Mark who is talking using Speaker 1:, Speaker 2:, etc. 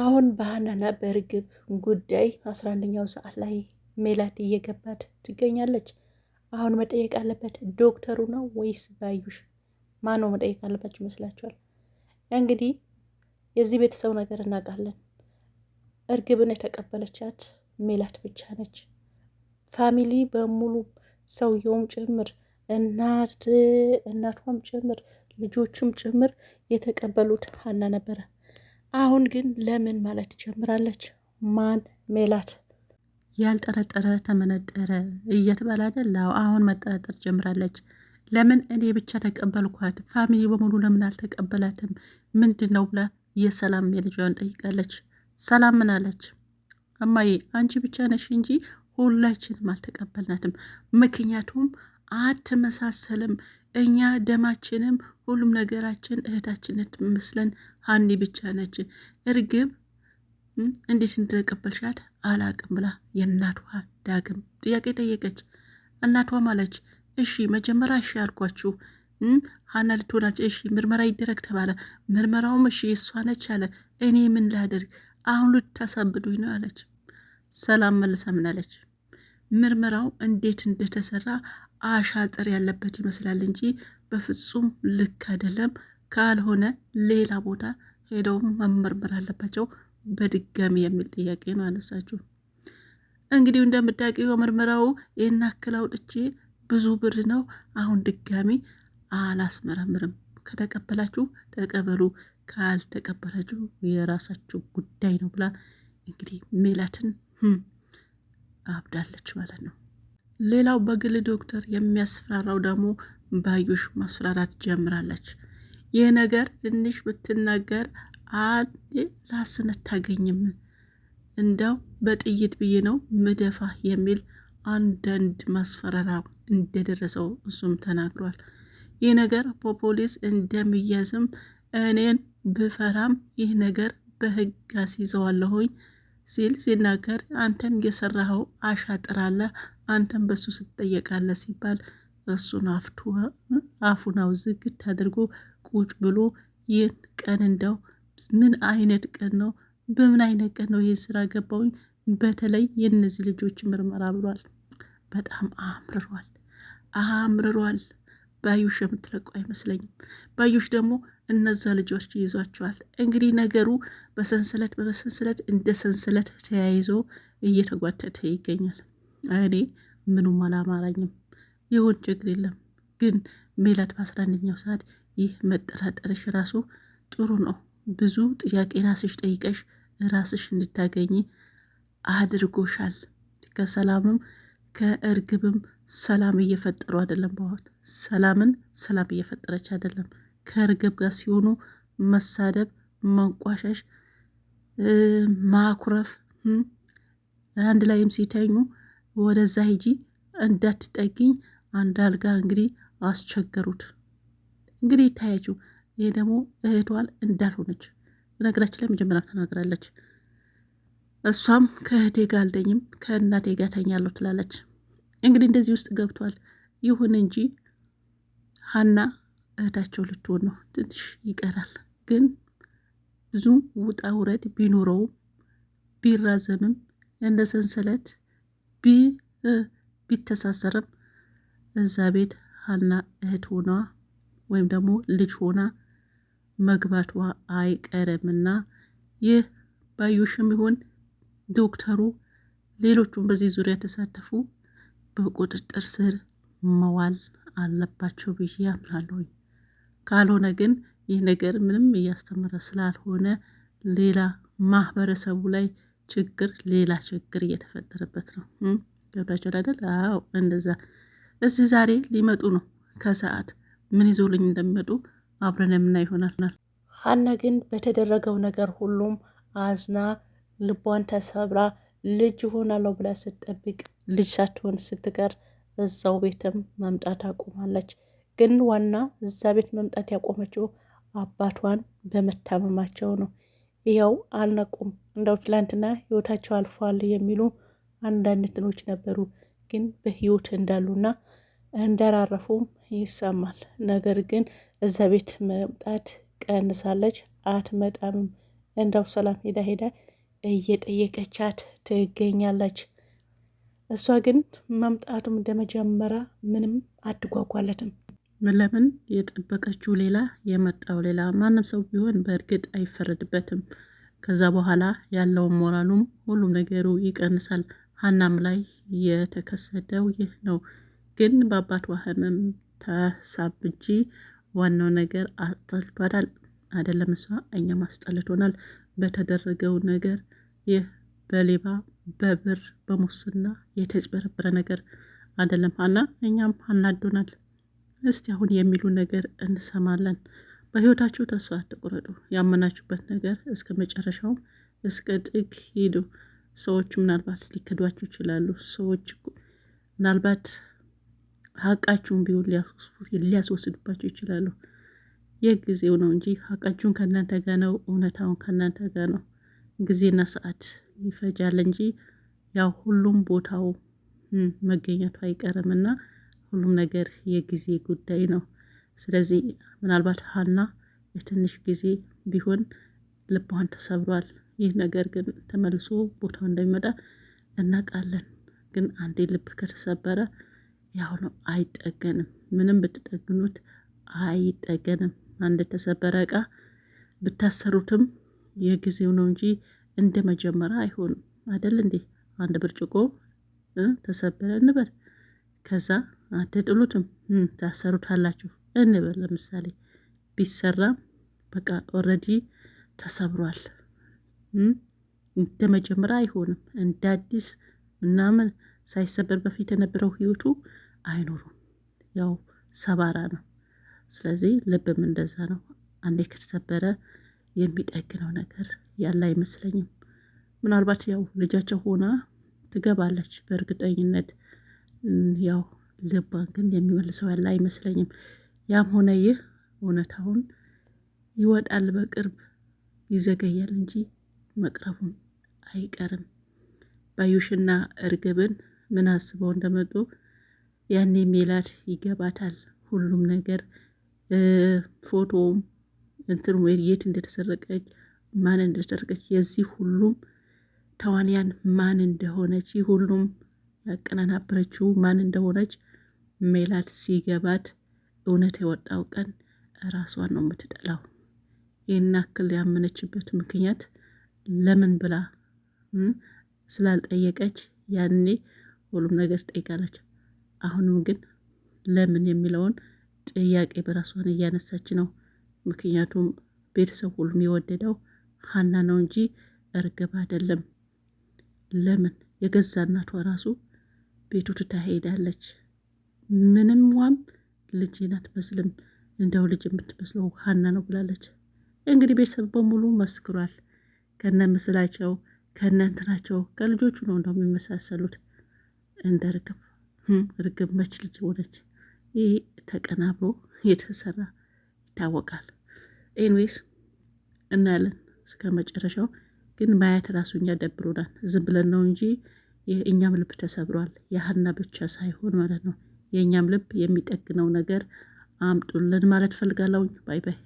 Speaker 1: አሁን በሀናና በእርግብ ጉዳይ አስራ አንደኛው ሰዓት ላይ ሜላት እየገባት ትገኛለች። አሁን መጠየቅ አለበት ዶክተሩ ነው ወይስ ባዩሽ? ማን ነው መጠየቅ አለባቸው ይመስላችኋል? እንግዲህ የዚህ ቤተሰብ ነገር እናውቃለን። እርግብን የተቀበለቻት ሜላት ብቻ ነች። ፋሚሊ በሙሉ ሰውየውም ጭምር እናት እናቷም ጭምር ልጆቹም ጭምር የተቀበሉት ሀና ነበረ። አሁን ግን ለምን ማለት ትጀምራለች። ማን ሜላት ያልጠረጠረ ተመነጠረ እየተባለ አይደል? አሁን መጠረጠር ጀምራለች። ለምን እኔ ብቻ ተቀበልኳት? ፋሚሊ በሙሉ ለምን አልተቀበላትም? ምንድን ነው ብላ የሰላም የልጇን ጠይቃለች። ሰላም ምን አለች? እማዬ አንቺ ብቻ ነሽ እንጂ ሁላችንም አልተቀበልናትም። ምክንያቱም አትመሳሰልም። እኛ ደማችንም ሁሉም ነገራችን እህታችን ምስለን ሀኒ ብቻ ነች እርግብ እንዴት እንደቀበልሻት አላቅም ብላ የእናቷ ዳግም ጥያቄ ጠየቀች። እናቷም ማለች እሺ መጀመሪያ እሺ አልኳችሁ ሀና ልትሆናች እሺ ምርመራ ይደረግ ተባለ። ምርመራውም እሺ እሷ ነች አለ። እኔ ምን ላደርግ አሁን ልታሳብዱኝ ነው አለች። ሰላም መልሳ ምን አለች? ምርመራው እንዴት እንደተሰራ አሻጥር ያለበት ይመስላል እንጂ በፍጹም ልክ አይደለም። ካልሆነ ሌላ ቦታ ሄደው መመርመር አለባቸው በድጋሚ የሚል ጥያቄ ነው ያነሳችሁ። እንግዲህ እንደምታውቂው ምርመራው ይህን ያክል አውጥቼ ብዙ ብር ነው። አሁን ድጋሚ አላስመረምርም። ከተቀበላችሁ ተቀበሉ፣ ካልተቀበላችሁ የራሳችሁ ጉዳይ ነው ብላ እንግዲህ ሜላትን hm አብዳለች ማለት ነው። ሌላው በግል ዶክተር የሚያስፈራራው ደግሞ ባዩሽ ማስፈራራት ጀምራለች። ይህ ነገር ትንሽ ብትናገር አንድ ራስን አታገኝም፣ እንደው በጥይት ብዬ ነው ምደፋ የሚል አንዳንድ ማስፈራራ እንደደረሰው እሱም ተናግሯል። ይህ ነገር በፖሊስ እንደሚያዝም እኔን ብፈራም ይህ ነገር በህግ አስይዘዋለሁኝ ሲል ሲናገር አንተም የሰራኸው አሻጥራለ አንተም በሱ ስትጠየቃለ ሲባል እሱን አፉን አውዝግት አድርጎ ቁጭ ብሎ ይህን ቀን እንደው ምን አይነት ቀን ነው? በምን አይነት ቀን ነው ይህን ስራ ገባውኝ? በተለይ የእነዚህ ልጆች ምርመራ ብሏል። በጣም አምርሯል አምርሯል። ባዩሽ የምትለቁ አይመስለኝም። ባዩሽ ደግሞ እነዛ ልጆች ይዟቸዋል። እንግዲህ ነገሩ በሰንሰለት በሰንሰለት እንደ ሰንሰለት ተያይዞ እየተጓተተ ይገኛል። እኔ ምኑም አላማራኝም። ይሁን ችግር የለም ግን ሜላት በአስራ አንደኛው ሰዓት ይህ መጠራጠርሽ ራሱ ጥሩ ነው። ብዙ ጥያቄ ራስሽ ጠይቀሽ ራስሽ እንድታገኝ አድርጎሻል። ከሰላምም ከእርግብም ሰላም እየፈጠሩ አይደለም። በኋላ ሰላምን ሰላም እየፈጠረች አይደለም። ከእርግብ ጋር ሲሆኑ መሳደብ፣ መንቋሸሽ፣ ማኩረፍ፣ አንድ ላይም ሲተኙ ወደዛ ሂጂ እንዳትጠጊኝ አንድ አልጋ እንግዲህ አስቸገሩት። እንግዲህ ይታያችሁ። ይህ ደግሞ እህቷን እንዳልሆነች በነገራችን ላይ መጀመሪያ ተናግራለች። እሷም ከእህቴ ጋር አልደኝም ከእናቴ ጋር ተኛለሁ ትላለች። እንግዲህ እንደዚህ ውስጥ ገብቷል። ይሁን እንጂ ሀና እህታቸው ልትሆን ነው። ትንሽ ይቀራል፣ ግን ብዙ ውጣ ውረድ ቢኖረውም ቢራዘምም እንደ ሰንሰለት ቢተሳሰርም እዛ ቤት ሀና እህት ሆነዋ ወይም ደግሞ ልጅ ሆና መግባቷ አይቀርምና ይህ ባዩሽም ይሁን ዶክተሩ፣ ሌሎቹም በዚህ ዙሪያ ተሳተፉ በቁጥጥር ስር መዋል አለባቸው ብዬ አምናለሁ። ካልሆነ ግን ይህ ነገር ምንም እያስተመረ ስላልሆነ ሌላ ማህበረሰቡ ላይ ችግር ሌላ ችግር እየተፈጠረበት ነው። ገብዳቸው አይደል? አዎ እንደዛ። እዚህ ዛሬ ሊመጡ ነው ከሰዓት ምን ይዞልኝ እንደሚመጡ አብረን የምና ይሆናል። ሀና ግን በተደረገው ነገር ሁሉም አዝና ልቧን ተሰብራ ልጅ ይሆናለሁ ብላ ስትጠብቅ ልጅ ሳትሆን ስትቀር እዛው ቤትም መምጣት አቁማለች። ግን ዋና እዛ ቤት መምጣት ያቆመችው አባቷን በመታመማቸው ነው። ይኸው አልነቁም። እንደው ትላንትና ህይወታቸው አልፏል የሚሉ አንዳንድ እንትኖች ነበሩ፣ ግን በህይወት እንዳሉና እንደራረፉም ይሰማል። ነገር ግን እዛ ቤት መምጣት ቀንሳለች፣ አትመጣምም። እንደው ሰላም ሄዳ ሄዳ እየጠየቀቻት ትገኛለች። እሷ ግን መምጣቱም እንደመጀመሪያ ምንም አትጓጓለትም። ለምን የጠበቀችው ሌላ የመጣው ሌላ። ማንም ሰው ቢሆን በእርግጥ አይፈረድበትም። ከዛ በኋላ ያለው ሞራሉም ሁሉም ነገሩ ይቀንሳል። ሀናም ላይ የተከሰተው ይህ ነው። ግን በአባቷ ህመም ተሳብጂ። ዋናው ነገር አስጠልቷታል አይደለም እሷ እኛም አስጠልቶናል በተደረገው ነገር። ይህ በሌባ በብር በሙስና የተጭበረበረ ነገር አይደለም ሀና፣ እኛም አናዶናል። እስቲ አሁን የሚሉ ነገር እንሰማለን። በህይወታችሁ ተስፋ አትቆረጡ። ያመናችሁበት ነገር እስከ መጨረሻው እስከ ጥግ ሂዱ። ሰዎች ምናልባት ሊከዷችሁ ይችላሉ። ሰዎች ምናልባት ሀቃችሁን ቢሆን ሊያስወስዱባቸው ይችላሉ። የጊዜው ነው እንጂ ሀቃችሁን ከእናንተ ጋር ነው፣ እውነታውን ከእናንተ ጋር ነው። ጊዜና ሰዓት ይፈጃል እንጂ ያው ሁሉም ቦታው መገኘቱ አይቀርም እና ሁሉም ነገር የጊዜ ጉዳይ ነው። ስለዚህ ምናልባት ሀና የትንሽ ጊዜ ቢሆን ልቧን ተሰብሯል። ይህ ነገር ግን ተመልሶ ቦታው እንደሚመጣ እናውቃለን። ግን አንዴ ልብ ከተሰበረ ያሁኑ አይጠገንም። ምንም ብትጠግኑት አይጠገንም። አንድ ተሰበረ እቃ ብታሰሩትም የጊዜው ነው እንጂ እንደ መጀመሪያ አይሆንም። አደል እንዴ? አንድ ብርጭቆ ተሰበረ እንበል። ከዛ አትጥሉትም፣ ታሰሩታላችሁ እንበል። ለምሳሌ ቢሰራም በቃ ኦልሬዲ ተሰብሯል። እንደ መጀመሪያ አይሆንም። እንደ አዲስ ምናምን ሳይሰበር በፊት የነበረው ህይወቱ አይኖሩም። ያው ሰባራ ነው። ስለዚህ ልብም እንደዛ ነው። አንዴ ከተሰበረ የሚጠግነው ነገር ያለ አይመስለኝም። ምናልባት ያው ልጃቸው ሆና ትገባለች በእርግጠኝነት ያው ልባ ግን የሚመልሰው ያለ አይመስለኝም። ያም ሆነ ይህ እውነታውን ይወጣል በቅርብ ይዘገያል እንጂ መቅረቡን አይቀርም። ባዩሽና እርግብን ምን አስበው እንደመጡ ያኔ ሜላት ይገባታል። ሁሉም ነገር ፎቶውም እንትን የት እንደተሰረቀች ማን እንደተሰረቀች የዚህ ሁሉም ተዋንያን ማን እንደሆነች ይህ ሁሉም ያቀናናበረችው ማን እንደሆነች ሜላት ሲገባት እውነት የወጣው ቀን ራሷን ነው የምትጠላው። ይህን አክል ያመነችበት ምክንያት ለምን ብላ ስላልጠየቀች ያኔ ሁሉም ነገር ትጠይቃለች። አሁንም ግን ለምን የሚለውን ጥያቄ በራሷን እያነሳች ነው። ምክንያቱም ቤተሰብ ሁሉም የወደደው ሀና ነው እንጂ እርግብ አይደለም። ለምን የገዛ እናቷ ራሱ ቤቱ ትታ ሄዳለች። ምንም ዋም ልጅን አትመስልም፣ እንደው ልጅ የምትመስለው ሀና ነው ብላለች። እንግዲህ ቤተሰብ በሙሉ መስክሯል። ከነ ምስላቸው ከነ እንትናቸው ከልጆቹ ነው እንደው የሚመሳሰሉት። እንደ ርግብ ርግብ መች ልጅ ሆነች? ይህ ተቀናብሮ የተሰራ ይታወቃል። ኤንዌስ እናያለን እስከ መጨረሻው። ግን ማየት ራሱ እኛ ደብሮናል። ዝም ብለን ነው እንጂ እኛም ልብ ተሰብሯል። የሀና ብቻ ሳይሆን ማለት ነው። የእኛም ልብ የሚጠግነው ነገር አምጡልን ማለት ፈልጋለሁኝ። ባይ ባይ